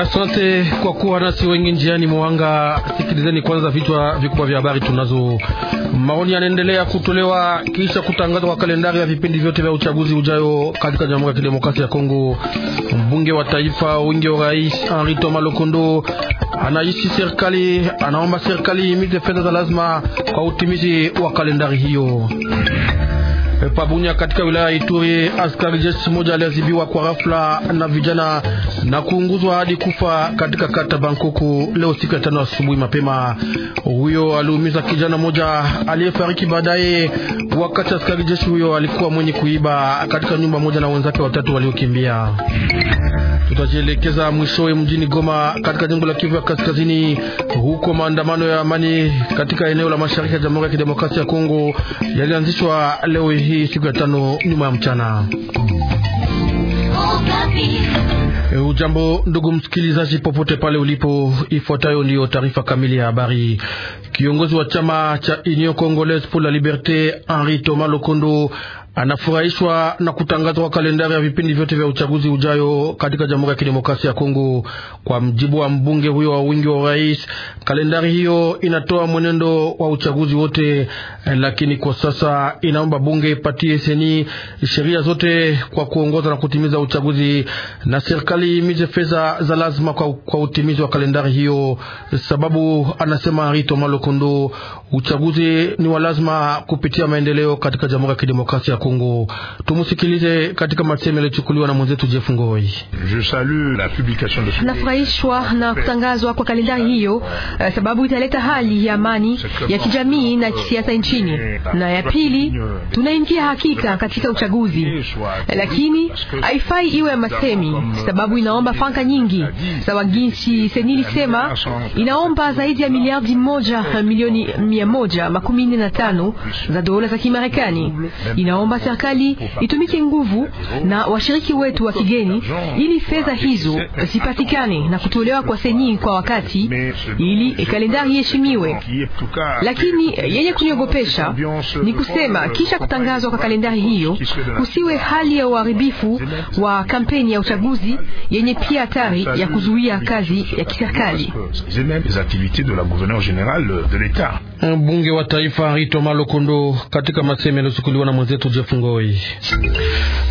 Asante kwa kuwa nasi wengi njiani mwanga. Sikilizeni kwanza vichwa vikubwa vya habari tunazo. Maoni yanaendelea kutolewa kisha kutangazwa kwa kalendari ya vipindi vyote vya uchaguzi ujayo katika Jamhuri ya Kidemokrasia ya Kongo. Mbunge wa taifa wingi wa rais Henri Thomas Lokondo anaishi serikali, anaomba serikali imize fedha za lazima kwa utimizi wa kalendari hiyo. Pabunya katika wilaya ya Ituri, askari jeshi moja aliadhibiwa kwa ghafla na vijana na kuunguzwa hadi kufa katika kata Bankoku leo siku ya tano asubuhi mapema. Huyo aliumiza kijana moja aliyefariki baadaye, wakati askari jeshi huyo alikuwa mwenye kuiba katika nyumba moja na wenzake watatu waliokimbia. Tutajielekeza mwishowe mjini Goma katika jimbo la Kivu ya Kaskazini, huko maandamano ya amani katika eneo la mashariki ya Jamhuri ya Kidemokrasia ya Kongo yalianzishwa leo hii hii siku ya tano nyuma ya mchana. E, ujambo ndugu msikilizaji, popote pale ulipo, ifuatayo ndiyo taarifa kamili ya habari. Kiongozi wa chama cha Union Congolaise pour la Liberté Henri Thomas Lokondo anafurahishwa na kutangazwa kwa kalendari ya vipindi vyote vya uchaguzi ujayo katika Jamhuri ya Kidemokrasia ya Kongo. Kwa mjibu wa mbunge huyo wa wingi wa urais, kalendari hiyo inatoa mwenendo wa uchaguzi wote, eh, lakini kwa sasa inaomba bunge ipatie seni sheria zote kwa kuongoza na kutimiza uchaguzi, na serikali imize fedha za lazima kwa, kwa utimizi wa kalendari hiyo, sababu anasema Rito Malokondo, uchaguzi ni wa lazima kupitia maendeleo katika Jamhuri ya Kidemokrasia Kongo. Tumusikilize katika maseme yaliyochukuliwa na mwenzetu Jeff Ngoi. Nafurahishwa na kutangazwa kwa kalenda hiyo, eh, sababu italeta hali ya amani ya kijamii na kisiasa nchini, na ya pili, tunaingia hakika katika uchaguzi, eh, lakini haifai iwe ya masemi, sababu inaomba franka nyingi za waginchi. Senili sema inaomba zaidi ya miliardi moja milioni mia moja makumi nne na tano za dola za Kimarekani inaomba kwamba serikali itumike nguvu na washiriki wetu wa kigeni ili fedha hizo zipatikane na kutolewa kwa seni kwa wakati, ili kalendari iheshimiwe. Lakini yenye kuniogopesha ni kusema kisha kutangazwa kwa kalendari hiyo kusiwe hali ya uharibifu wa kampeni ya uchaguzi yenye pia hatari ya kuzuia kazi ya kiserikali. Eh, mbunge wa taifa Rito Malokondo katika maseme yaliyochukuliwa na mwenzetu Jeff Ngoi.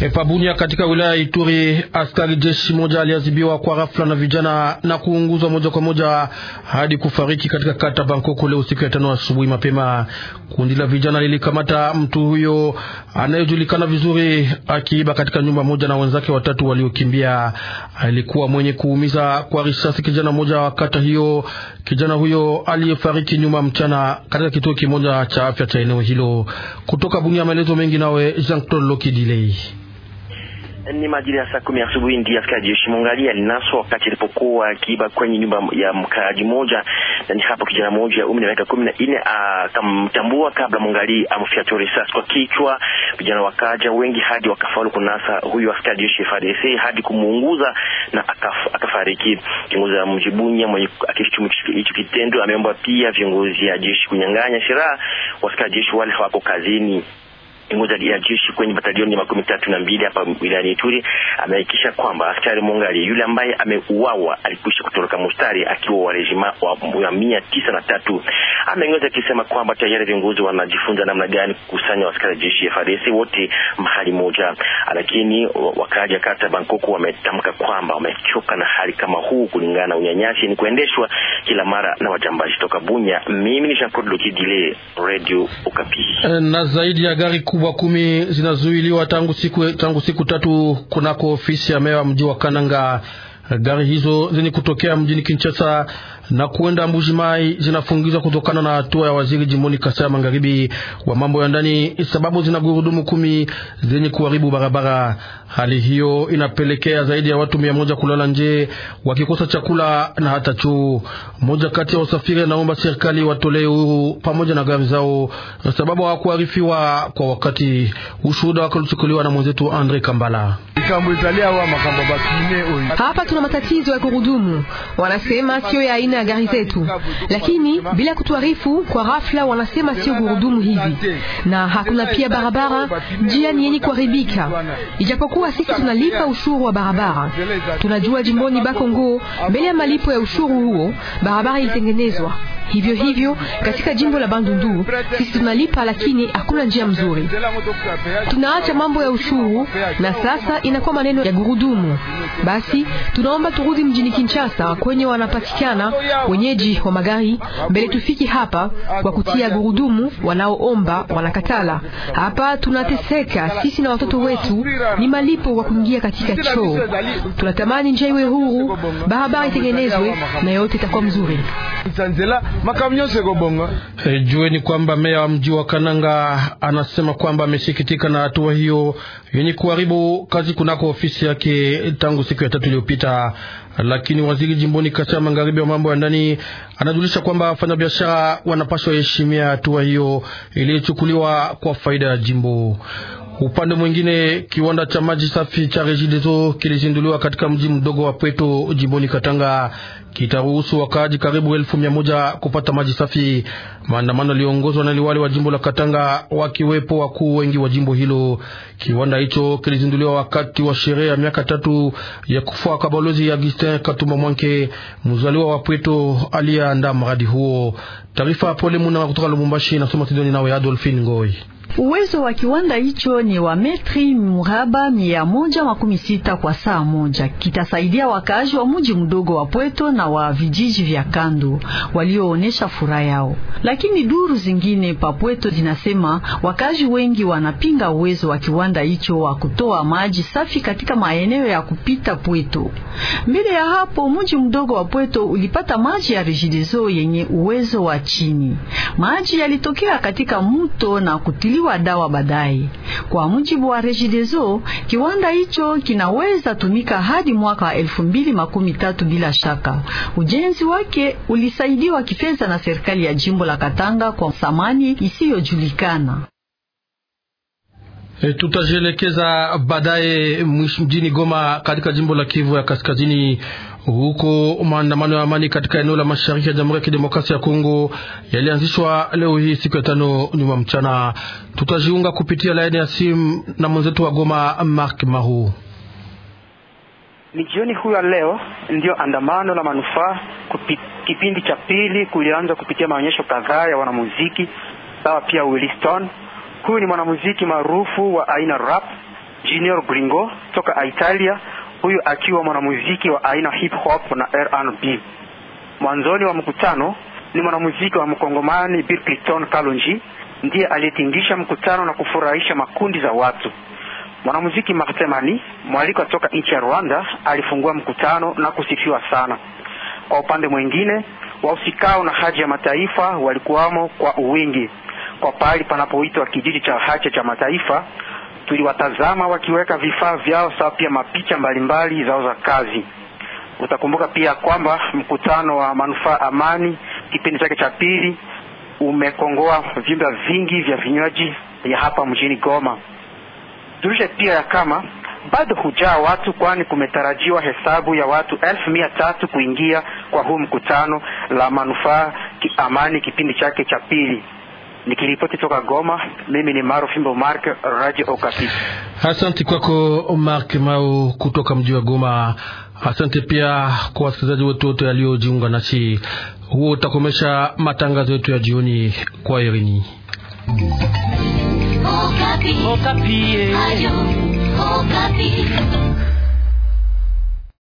E, Pabunia katika wilaya ya Ituri, askari jeshi moja aliazibiwa kwa ghafla na vijana na kuunguzwa moja kwa moja hadi kufariki katika kata Bankoko leo siku ya tano asubuhi mapema. Kundi la vijana lilikamata mtu huyo anayejulikana vizuri akiiba katika nyumba moja na wenzake watatu waliokimbia. Alikuwa mwenye kuumiza kwa risasi kijana moja wa kata hiyo, kijana huyo aliyefariki nyuma mchana katika kituo kimoja cha afya cha eneo hilo. Kutoka Bunia, maelezo mengi nawe Jean Claude Lokidilei ni majira ya saa kumi asubuhi ndiye askari jeshi Mongali alinaswa wakati alipokuwa akiiba kwenye nyumba ya mkaaji mmoja, na ni hapo kijana mmoja umri wa miaka kumi na nne ah, akamtambua kabla Mongali amfyatua risasi kwa kichwa. Vijana wakaja wengi hadi wakafaulu kunasa huyu askari jeshi FARDC hadi kumuunguza na akaf, akafariki. Kiongozi wa Mjibunya mwenye akishutumu hicho kitendo ameomba pia viongozi ya jeshi kunyang'anya silaha askari jeshi wale hawako kazini kiongozi wa jeshi kwenye batalioni ya makumi tatu na mbili hapa wilayani Ituri amehakikisha kwamba askari Mungali yule ambaye ameuawa alikwisha kutoroka mustari akiwa wa rejima wa mia tisa na tatu. Ameongeza akisema kwamba tayari viongozi wanajifunza namna gani kukusanya askari jeshi ya FARDC wote mahali moja, lakini wakaji wa kata Bangkok wametamka kwamba wamechoka na hali kama huu kulingana na unyanyasi ni kuendeshwa kila mara na wajambazi toka Bunya. Mimi ni Jean Claude Lokidile, Radio Okapi eh, na zaidi ya gari ku kubwa kumi zinazuiliwa tangu siku, tangu siku tatu kunako ofisi ya meya wa mji wa Kananga. Gari hizo zenye kutokea mjini Kinshasa na kuenda Mbujimai zinafungizwa kutokana na hatua ya waziri jimboni Kasai Magharibi wa mambo ya ndani, sababu zina gurudumu kumi zenye kuharibu barabara. Hali hiyo inapelekea zaidi ya watu mia moja kulala nje wakikosa chakula na hata choo. Moja kati ya wasafiri anaomba serikali watolee uhuru pamoja na gari zao, sababu hawakuarifiwa kwa wakati. Ushuhuda wakaluchukuliwa na mwenzetu Andre Kambala. Hapa tuna matatizo ya kurudumu, wanasema sio ya aina ya gari zetu, lakini bila kutuarifu kwa ghafla wanasema sio gurudumu hivi, na hakuna pia barabara, njia ni yenye kuharibika. Ijapokuwa sisi tunalipa ushuru wa barabara, tunajua jimboni Bakongo, mbele ya malipo ya ushuru huo barabara ilitengenezwa Hivyo hivyo katika jimbo la Bandundu sisi tunalipa, lakini hakuna njia mzuri, tunaacha mambo ya ushuru na sasa inakuwa maneno ya gurudumu. Basi tunaomba turudi mjini Kinshasa kwenye wanapatikana wenyeji wa magari mbele tufiki hapa kwa kutia gurudumu, wanaoomba wanakatala. Hapa tunateseka sisi na watoto wetu, ni malipo wa kuingia katika choo. Tunatamani njia iwe huru, barabara itengenezwe na yote itakuwa mzuri isanzela makamyo yose kobonga. Hey, jueni kwamba meya wa mji wa Kananga anasema kwamba amesikitika na hatua hiyo yenye kuharibu kazi kunako ofisi yake tangu siku ya tatu iliyopita, lakini waziri jimboni Kasai Magharibi wa mambo ya ndani anajulisha kwamba wafanyabiashara wanapaswa heshimia hatua hiyo iliyochukuliwa kwa faida ya jimbo. Upande mwingine kiwanda cha maji safi cha Regideso kilizinduliwa katika mji mdogo wa Pweto jimboni Katanga, kitaruhusu wakaaji karibu elfu mia moja kupata maji safi. Maandamano yaliongozwa na liwali wa jimbo la Katanga, wakiwepo wakuu wengi wa jimbo hilo. Kiwanda hicho kilizinduliwa wakati wa sherehe ya miaka tatu ya kufa kwa balozi Augustin Katumba Mwanke, mzaliwa wa Pweto aliyeandaa mradi huo. Taarifa Pole muna kutoka Lubumbashi, nasoma Sidoni nawe Adolfine Ngoi. Uwezo wa kiwanda hicho ni wa metri mraba mia moja makumi sita kwa saa moja. Kitasaidia wakaaji wa mji mdogo wa Pweto na wa vijiji vya kando walioonyesha furaha yao, lakini duru zingine pa Pweto zinasema wakaaji wengi wanapinga uwezo wa kiwanda hicho wa kutoa maji safi katika maeneo ya kupita Pweto. Mbele ya hapo, mji mdogo wa Pweto ulipata maji ya Regideso yenye uwezo wa chini. Maji yalitokea katika mto na kutili kuandaliwa dawa baadaye. Kwa mujibu wa Regideso, kiwanda hicho kinaweza tumika hadi mwaka wa elfu mbili makumi tatu bila shaka. Ujenzi wake ulisaidiwa kifedha na serikali ya jimbo la Katanga kwa thamani isiyojulikana. E, tutajielekeza baadaye mjini Goma katika jimbo la Kivu ya Kaskazini huko maandamano ya amani katika eneo la mashariki ya Jamhuri ya Kidemokrasia ya Kongo yalianzishwa leo hii siku ya tano nyuma mchana. Tutajiunga kupitia laini ya simu na mwenzetu wa Goma Mark Mahu. Ni jioni huyo leo ndio andamano la manufaa kipindi cha pili kulianza kupitia maonyesho kadhaa ya wanamuziki sawa pia Williston. Huyu ni mwanamuziki maarufu wa aina rap Junior Gringo toka Italia huyu akiwa mwanamuziki wa aina hip hop na R&B. Mwanzoni wa mkutano ni mwanamuziki wa mkongomani Bill Clinton Kalonji ndiye aliyetingisha mkutano na kufurahisha makundi za watu. Mwanamuziki Martin mwaliko kutoka nchi ya Rwanda, alifungua mkutano na kusifiwa sana. Kwa upande mwingine, wahusikao na haja ya mataifa walikuwamo kwa uwingi kwa pali panapoitwa kijiji cha haja cha mataifa tuliwatazama wakiweka vifaa vyao sawa pia mapicha mbalimbali zao za kazi. Utakumbuka pia kwamba mkutano wa manufaa amani kipindi chake cha pili umekongoa vyumba vingi vya vinywaji ya hapa mjini Goma. durishe pia ya kama bado hujaa watu, kwani kumetarajiwa hesabu ya watu elfu mia tatu kuingia kwa huu mkutano la manufaa amani kipindi chake cha pili. Nikiripoti toka Goma, mimi ni Fimbo Mark, Radio Okapi. Asante kwako Mark Mau kutoka mji wa Goma. Asante pia kwa wasikilizaji wetu wote waliojiunga nasi. Huo utakomesha matangazo yetu ya jioni. Kwa herini. Okapi. Okapi. Eh. Ayo, Okapi.